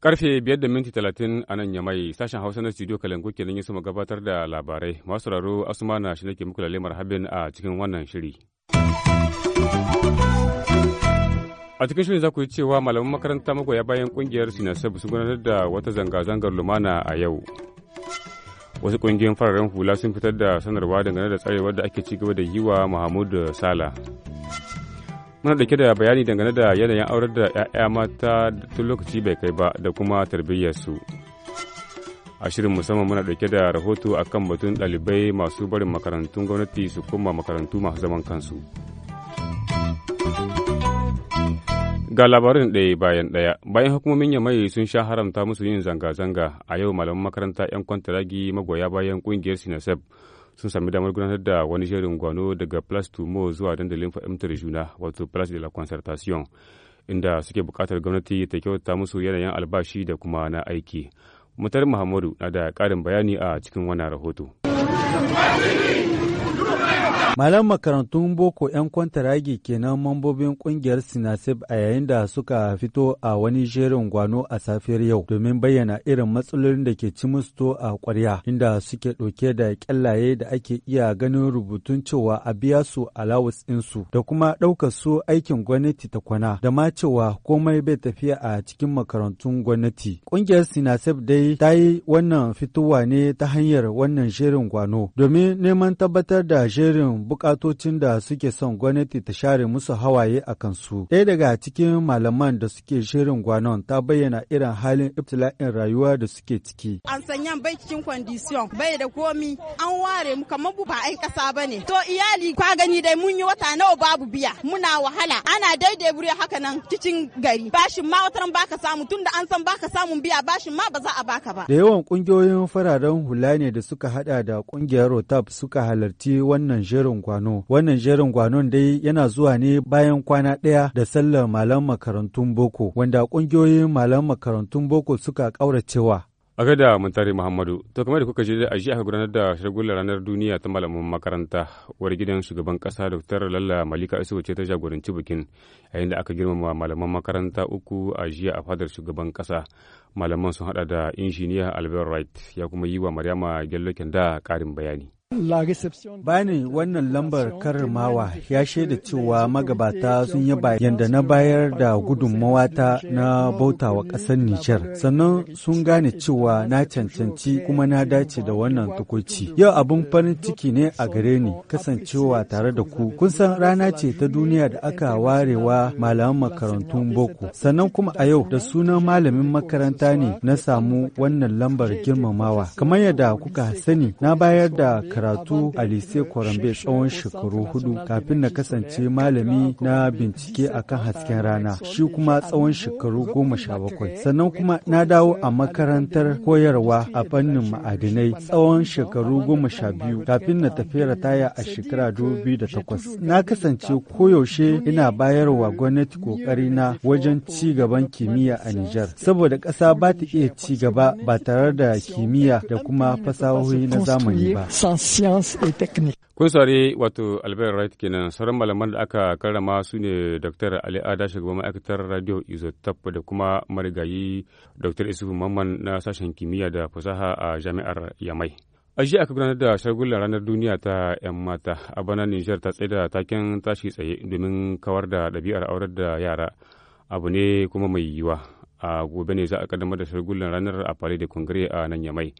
Karfe biyar da minti talatin a nan ya mai sashen Hausa na studio Kalangu kenan ya suma gabatar da labarai. Masu sauraro Asumana shi nake muku lalle habin a cikin wannan shiri. a cikin shirin za ku yi cewa malaman makaranta magoya bayan kungiyar sinasab sun gudanar da wata zanga-zangar lumana a yau wasu kungiyoyin fararen hula sun fitar da sanarwa dangane da tsarewar da ake cigaba da yi wa mahmud sala muna dauke da bayani dangane da yanayin aurar da 'ya'ya mata tun lokaci bai kai ba da kuma tarbiyyar su a shirin musamman muna dauke da rahoto akan batun ɗalibai masu barin makarantun gwamnati su kuma makarantu masu zaman kansu. Ga labarin ɗaya bayan ɗaya, bayan hukumomin Yamai sun sha haramta musu yin zanga-zanga a yau malaman makaranta 'yan kwantaragi magoya bayan ƙungiyar Sinasef sun sami damar gudanar da wani shirin gwano daga Place Tumo zuwa dandalin fahimtar juna wato Place de la Concertation inda suke bukatar gwamnati ta kyauta musu yanayin albashi da kuma na aiki. Mutar Muhammadu na da ƙarin bayani a cikin wannan rahoto. Malam makarantun boko 'yan kwantaragi kenan mambobin kungiyar Sinasib a yayin da suka fito a wani jerin gwano a safiyar yau domin bayyana irin matsalolin da ke ci musu a kwarya inda suke ɗauke da kyallaye da ake iya ganin rubutun cewa a biya su alawus ɗinsu da kuma ɗaukar su aikin gwamnati ta kwana da ma cewa komai bai tafiya a cikin makarantun gwamnati. Kungiyar Sinasib dai ta yi wannan fitowa ne ta hanyar wannan jerin gwano domin neman tabbatar da shirin jerin bukatocin da suke son gwamnati ta share musu hawaye a kansu. Ɗaya daga cikin malaman da suke shirin gwanon ta bayyana irin halin ibtila'in rayuwa da suke ciki. An sanya bai cikin kwandisiyon bai da komi an ware mu kamar bu ba 'yan ƙasa ba ne. To iyali kwa gani dai mun yi wata nawa babu biya muna wahala ana daidai buri haka nan cikin gari bashin ma ran baka samu tunda an san baka samun biya bashin ma ba za a baka ba. Da yawan ƙungiyoyin fararen hula ne da suka haɗa da ƙungiyar Rotap suka halarci wani wannan jerin kwano Wannan jerin gwanon dai yana zuwa ne bayan kwana ɗaya da sallar malam makarantun boko wanda ƙungiyoyin malam makarantun boko suka ƙauracewa. a gada muntari muhammadu to kamar da kuka je a jiya aka gudanar da shagulan ranar duniya ta malaman makaranta wani gidan shugaban kasa dr lalla malika isuwa ce ta jagoranci bikin yayin da aka girmama malaman makaranta uku a jiya a fadar shugaban kasa malaman sun hada da injiniya albert wright ya kuma yi wa maryama gello da karin bayani Bani wannan lambar karmawa ya shaida cewa magabata sun yi bayan da na bayar da gudunmawata na bautawa ƙasar Nijar, sannan sun gane cewa na cancanci kuma na dace da wannan tukuci. Yau abin farin ciki ne a gare ni kasancewa tare da ku. Kun san rana ce ta duniya da aka warewa malaman makarantun boko, sannan kuma a yau da sunan malamin makaranta ne na samu wannan lambar girmamawa. Kamar yadda kuka sani, na bayar da karatu a lise kwarambe tsawon shekaru hudu kafin na kasance malami na bincike akan hasken rana shi kuma tsawon shekaru goma sha bakwai sannan kuma na dawo a makarantar koyarwa a fannin ma'adinai tsawon shekaru goma sha biyu kafin na tafi rataya a shekara dubu da takwas na kasance koyaushe ina bayarwa gwamnati kokari na wajen ci gaban kimiyya a Nijar saboda ƙasa ba ta iya ci gaba ba tare da kimiyya da kuma fasahohi na zamani ba. sciences et techniques. Kun saurari wato Albert Wright kenan sauran malaman da aka karrama su ne Dr. Ali Ada shugaban ma'aikatar Radio Isotop da kuma marigayi Dr. Isufu Mamman na sashen kimiyya da fasaha a Jami'ar Yamai. A jiya aka gudanar da shagulan ranar duniya ta 'yan mata a bana Nijar ta tsaye da taken tashi tsaye domin kawar da ɗabi'ar aurar da yara abu ne kuma mai yiwuwa. A gobe ne za a kaddamar da shagulan ranar a fare da Kongire a nan Yamai.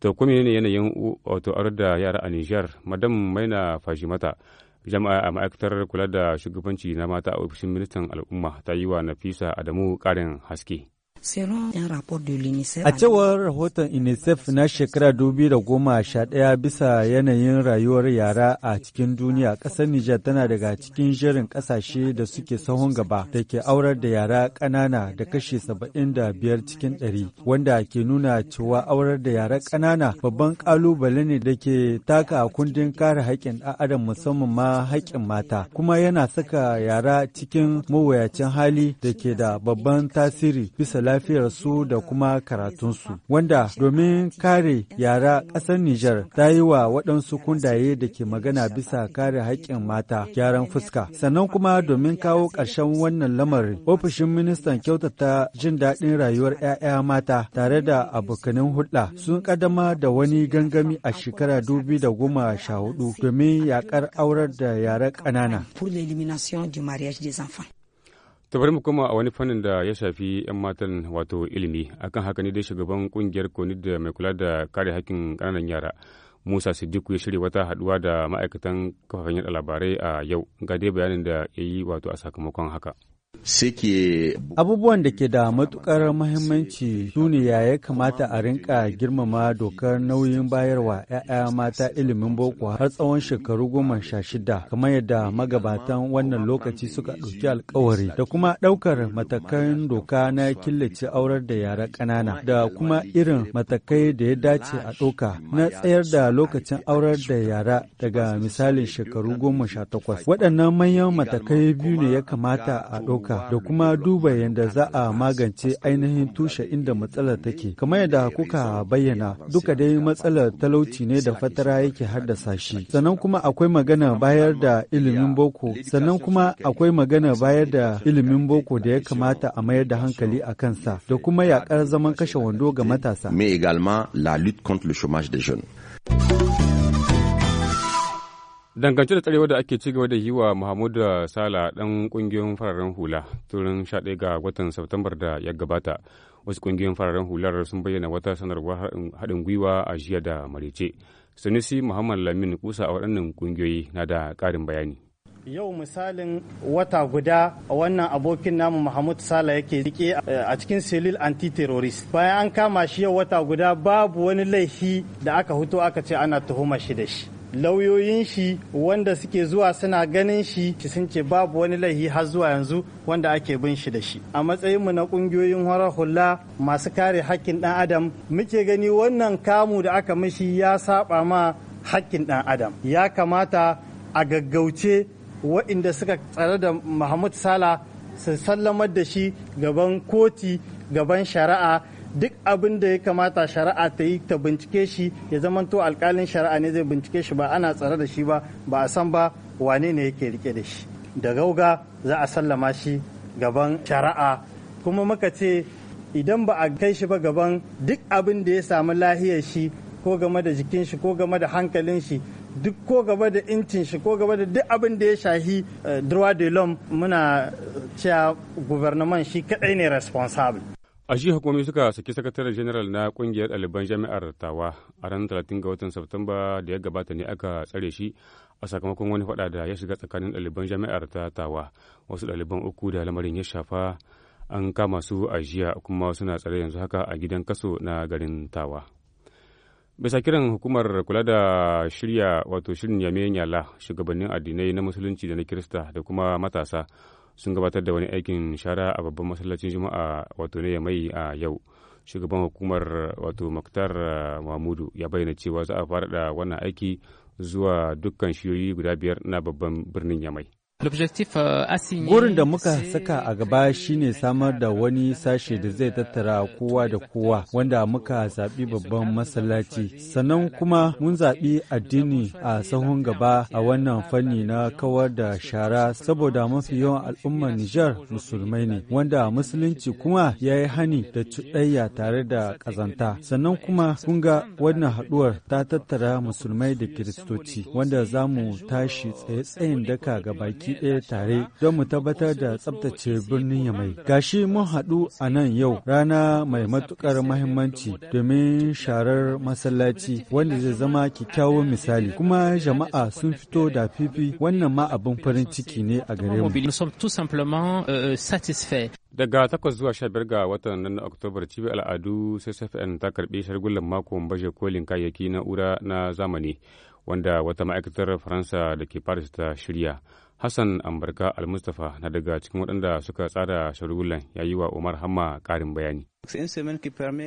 to kuma ne yanayin wato aurar da yara a Nijar madam Maina Fashimata jama'a a ma'aikatar kula da shugabanci na mata a ofishin ministan al'umma ta yi wa Nafisa Adamu ƙarin haske. A cewar rahoton UNICEF na shekara sha 2011 bisa yanayin rayuwar yara a cikin duniya, ƙasar Nijar tana daga cikin jerin ƙasashe da suke sahun gaba da ke aurar da yara ƙanana da kashi 75 cikin 100, wanda ke nuna cewa aurar da yara ƙanana babban ƙalubale ne da ke taka a kundin kare haƙƙin ɗan adam musamman ma haƙƙin mata, kuma yana saka yara cikin mawuyacin hali da ke da babban tasiri bisa lafiyar su da kuma karatunsu, wanda domin kare yara ƙasar Nijar ta yi wa waɗansu kundaye da ke magana bisa kare haƙƙin mata gyaran fuska. Sannan kuma domin kawo ƙarshen wannan lamarin, ofishin ministan kyautata jin daɗin rayuwar 'ya'ya mata tare da abokanin hulɗa sun ƙaddama da wani gangami a shekara dubi da goma sha hudu domin yaƙar aurar da yara ƙanana. ta bari mu koma a wani fannin da ya shafi 'yan matan wato ilimi akan haka ne dai shugaban kungiyar koni da mai kula da kare hakkin kananan yara musa sidiku ya shirya wata haduwa da ma'aikatan kafafen yada labarai a yau ga dai bayanin da ya yi wato a sakamakon haka suke abubuwan da ke da matukar mahimmanci sune ya ya kamata a rinka girmama dokar nauyin bayarwa 'ya'ya mata ilimin boko har tsawon shekaru goma sha shida kamar yadda magabatan wannan lokaci suka ɗauki alkawari da kuma ɗaukar matakan doka na killace aurar da yara ƙanana da kuma irin matakai da ya dace a ɗauka na tsayar da lokacin aurar da yara daga misalin shekaru goma sha takwas waɗannan manyan matakai biyu ne ya kamata a ɗauka haka da kuma duba yadda za a magance ainihin tushe inda matsalar take. Kamar yadda kuka bayyana duka dai matsalar talauci ne da fatara yake haddasa shi. Sannan kuma akwai magana bayar da ilimin boko, sannan kuma akwai magana bayar da ilimin boko da ya kamata a mayar da hankali a kansa da kuma yaƙar zaman kashe wando ga matasa. Mais également la lutte contre le chômage des jeunes. Dangance da tsarewa da ake cigaba da yi wa Muhammadu Sala ɗan ƙungiyoyin fararen hula turin 11 ga watan Satumbar da ya gabata. Wasu ƙungiyoyin fararen hular sun bayyana wata sanarwar haɗin gwiwa a jiya da Marice. Sanusi Muhammad Lamin kusa a waɗannan ƙungiyoyi na da ƙarin bayani. yau misalin wata guda wannan abokin namu Muhammad Sala yake rike a cikin selil anti-terrorist bayan an kama shi yau wata guda babu wani laifi da aka huto aka ce ana tuhuma shi da shi lauyoyin shi wanda suke zuwa suna ganin shi sun ce babu wani laifi har zuwa yanzu wanda ake bin shi da shi a matsayinmu na kungiyoyin horar hula masu kare hakkin dan adam muke gani wannan kamu da aka mishi ya saba ma hakkin dan adam ya kamata a gaggauce waɗanda suka tsare da Muhammad Sala su sallamar da shi gaban koti gaban shari'a duk abin da ya kamata shari'a ta yi ta bincike shi ya zamanto alkalin shari'a ne zai bincike shi ba ana tsare da shi ba ba a san ba wane ne yake rike da shi da gauga za a sallama shi gaban shari'a kuma muka ce idan ba a kai shi ba gaban duk abin da ya samu lahiyar shi ko game da jikin shi ko game da hankalin shi duk ko gaba da incin shi ko gaba da duk abin da ya shahi eh, droit de l'homme muna eh, cewa guvernaman shi kadai ne responsable A shi hukumomi suka saki sakataren general na kungiyar ɗaliban jami'ar Tawa a ranar talatin ga watan Satumba da ya gabata ne aka tsare shi a sakamakon wani faɗa da ya shiga tsakanin ɗaliban jami'ar ta Tawa. Wasu ɗaliban uku da lamarin ya shafa an kama su a jiya kuma suna tsare yanzu haka a gidan kaso na garin Tawa. bisa kiran hukumar kula da shirya wato shirin yame nyala shugabannin addinai na musulunci da na kirista da kuma matasa sun gabatar da wani aikin shara a babban masallacin juma'a wato ne mai a yau shugaban hukumar wato maktar eh, mahmudu ya bayyana cewa za a fara da wannan aiki zuwa dukkan shiyoyi guda biyar na babban birnin yamai Euh, Gurin da muka saka a gaba shine samar da wani sashe da zai tattara kowa da kowa wanda muka zaɓi babban masallaci. Sannan kuma mun zaɓi addini a sahun gaba a wannan fanni na kawar da shara saboda mafi yawan al'ummar Nijar musulmai ne wanda musulunci kuma ya yi hani da cuɗayya tare da ƙazanta. Sannan kuma kun ga wannan haɗuwar ta tattara musulmai da kiristoci wanda za mu tashi tsaye-tsayin daka gabaki. baki ɗaya tare don mu tabbatar da tsabtace birnin Yamai. Gashi mun haɗu a nan yau rana mai matuƙar mahimmanci domin sharar masallaci wanda zai zama kyakkyawan misali kuma jama'a sun fito da fifi wannan ma abin farin ciki ne a gare mu. Euh, Daga takwas zuwa sha biyar ga watan nan na Oktobar cibiyar al'adu CSFN ta karbi shargullan makon baje kolin kayayyaki na'ura na zamani wanda wata ma'aikatar Faransa da ke Paris ta shirya. Hassan Ambarka mustapha na daga cikin waɗanda suka tsara shagulan ya yi wa Umar Hamma ƙarin bayani.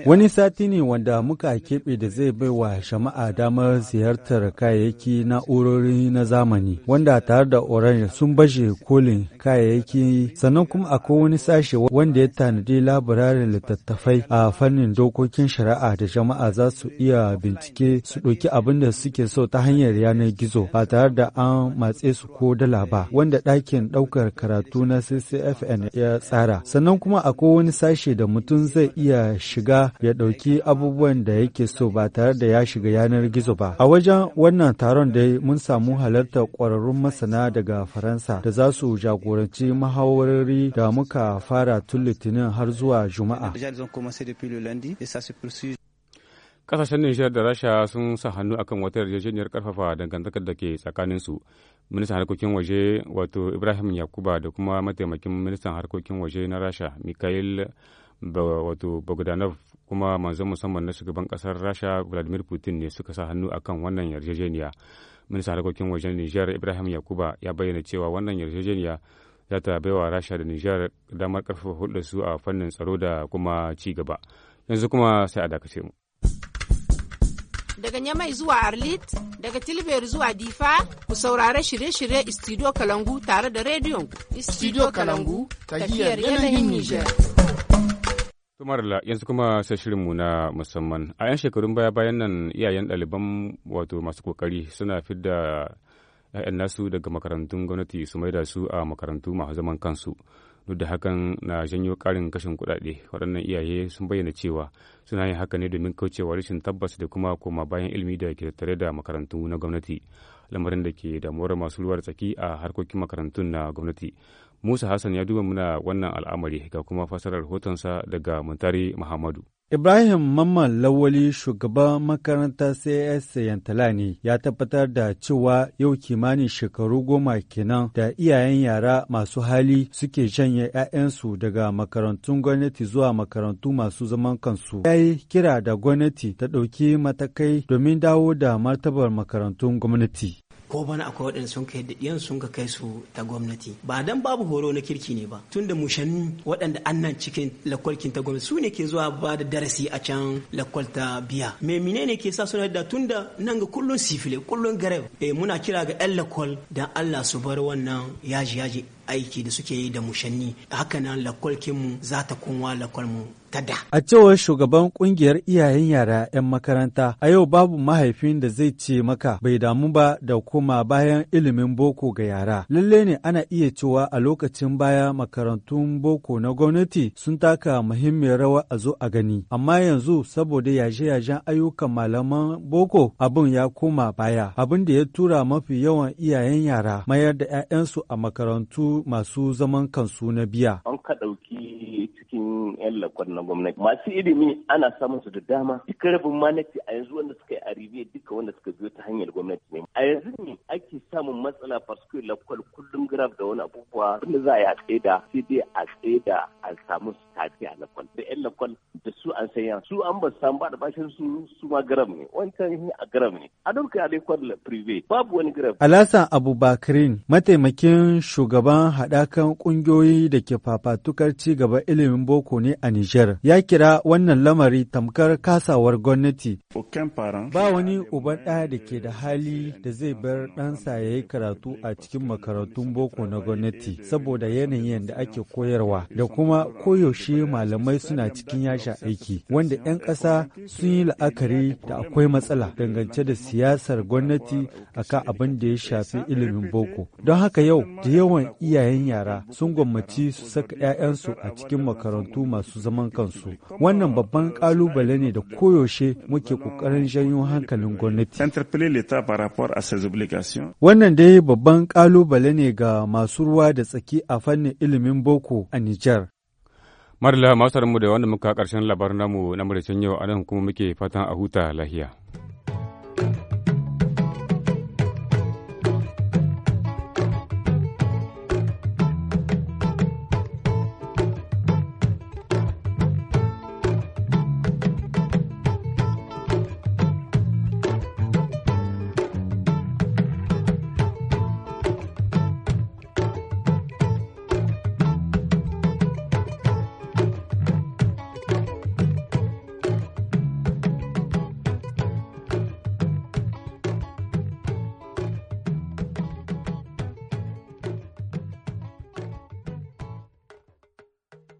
Wani sati ne wanda muka keɓe da zai bai wa shama'a damar ziyartar kayayyaki na'urori na zamani wanda tare da orange sun bashe kolin kayayyaki sannan kuma akwai wani sashe wanda ya tanadi labirarin littattafai a fannin dokokin shari'a da jama'a za su iya bincike su ɗauki abin da suke so ta hanyar yanar gizo ba tare da an matse su ko dala ba wanda ɗakin ɗaukar karatu na ccfn ya tsara sannan kuma akwai wani sashe da mutum zai zai iya shiga ya ɗauki abubuwan da yake so ba tare da ya shiga yanar gizo ba. A wajen wannan taron dai mun samu halarta kwararrun masana daga Faransa da za su jagoranci mahawarori da muka fara tun Litinin har zuwa Juma'a. Kasashen Nijar da Rasha sun sa hannu akan wata yarjejeniyar karfafa dangantakar da ke tsakaninsu. Ministan harkokin waje wato Ibrahim Yakuba da kuma mataimakin ministan harkokin waje na Rasha Mikhail wato bogdanov kuma manzon musamman na shugaban kasar rasha vladimir putin ne suka sa hannu akan wannan yarjejeniya minista harkokin wajen nijar ibrahim yakuba ya bayyana cewa wannan yarjejeniya za ta baiwa rasha da nijar damar karfafa hulɗar su a fannin tsaro da kuma ci gaba yanzu kuma sai a dakace mu daga Nyamai zuwa Arlit, daga Tilber zuwa Difa, ku saurare shirye-shirye istidiyo Kalangu tare da rediyon istidiyo Kalangu, tafiyar yanayin Nijar. Tumarla yanzu kuma sai shirinmu na musamman. A 'yan shekarun baya bayan nan iyayen ɗaliban wato masu kokari suna fidda 'ya'yan nasu daga makarantun gwamnati su maida su a makarantu masu zaman kansu. Duk da hakan na janyo ƙarin kashin kuɗaɗe waɗannan iyaye sun bayyana cewa suna yin haka ne domin kaucewa rashin tabbas da kuma koma bayan ilimi da ke tattare da makarantu na gwamnati. Lamarin da ke damuwar masu ruwa tsaki a harkokin makarantun na gwamnati. Musa Hassan ya duba muna wannan al'amari ga kuma fasarar hotonsa daga Muntari Muhammadu. Ibrahim Mamman Lawali shugaban makarantar CS Yantalani ya tabbatar da cewa yau kimanin shekaru goma kenan da iyayen yara masu hali suke janye 'ya'yansu daga makarantun gwamnati zuwa makarantu masu zaman kansu. Ya yi kira da gwamnati ta ɗauki matakai domin dawo da martabar makarantun gwamnati. ko bana akwai waɗanda sun kai yan sun ka kai su ta gwamnati ba dan babu horo na kirki ne ba tunda mushanni waɗanda an annan cikin lakwalkin ta gwamnati su ne ke zuwa ba da darasi a can lakwal ta biya me mine ne ke sa suna da tunda nan ga kullun sifile kullun gareb eh muna kira ga yan lakwal dan Allah su bar wannan yaji yaji aiki da suke yi da mushanni hakanan nan lakwalkin mu za ta kunwa lakwal A cewar shugaban kungiyar iyayen yara 'yan makaranta, a yau babu mahaifin da zai ce maka bai damu ba da kuma bayan ilimin boko ga yara. Lalle ne ana iya cewa a lokacin baya makarantun boko na gwamnati sun taka muhimmiyar rawa a zo a gani. Amma yanzu saboda yaje-yajen ayyukan malaman boko abin ya koma baya. Abin da ya tura mafi yawan iyayen yara mayar da 'ya'yansu a makarantu masu zaman kansu na biya. An 'yan lakon na gwamnati masu ilimi ana samun su da dama duk rabin manati a yanzu wanda suka yi aribiya duka wanda suka biyo ta hanyar gwamnati ne a yanzu ne ake samun matsala farsko lakwal kullum graf da wani abubuwa wanda za a yi a tsaida sai dai a tsaida a samu su tafi a lakwal da 'yan lakon su an sanya su an ba samu ba da bashin su su ma garam ne wancan a garam ne a prive babu wani garam. Alasan Abubakarin mataimakin shugaban haɗakan ƙungiyoyi da ke fafatukar ci gaba ilimin boko ne a Nijar ya kira wannan lamari tamkar kasawar gwamnati. Ba wani uban ɗaya da ke da hali da zai bar ɗansa ya yi karatu a cikin makarantun boko na gwamnati saboda yanayin da ake koyarwa da kuma koyaushe malamai suna cikin yasha aiki. aiki wanda 'yan ƙasa sun yi la'akari da akwai matsala dangance da siyasar gwamnati akan abin da ya shafi ilimin boko don haka yau da yawan iyayen yara sun gwammaci su saka 'ya'yansu a cikin makarantu masu zaman kansu wannan babban ƙalubale ne da koyaushe muke ƙoƙarin janyo hankalin gwamnati wannan dai babban ƙalubale ne ga masu ruwa da tsaki a fannin ilimin boko a Nijar Marla masu da wanda muka karshen labar namu na muryacin yau a nan kuma muke fatan a huta lahiya.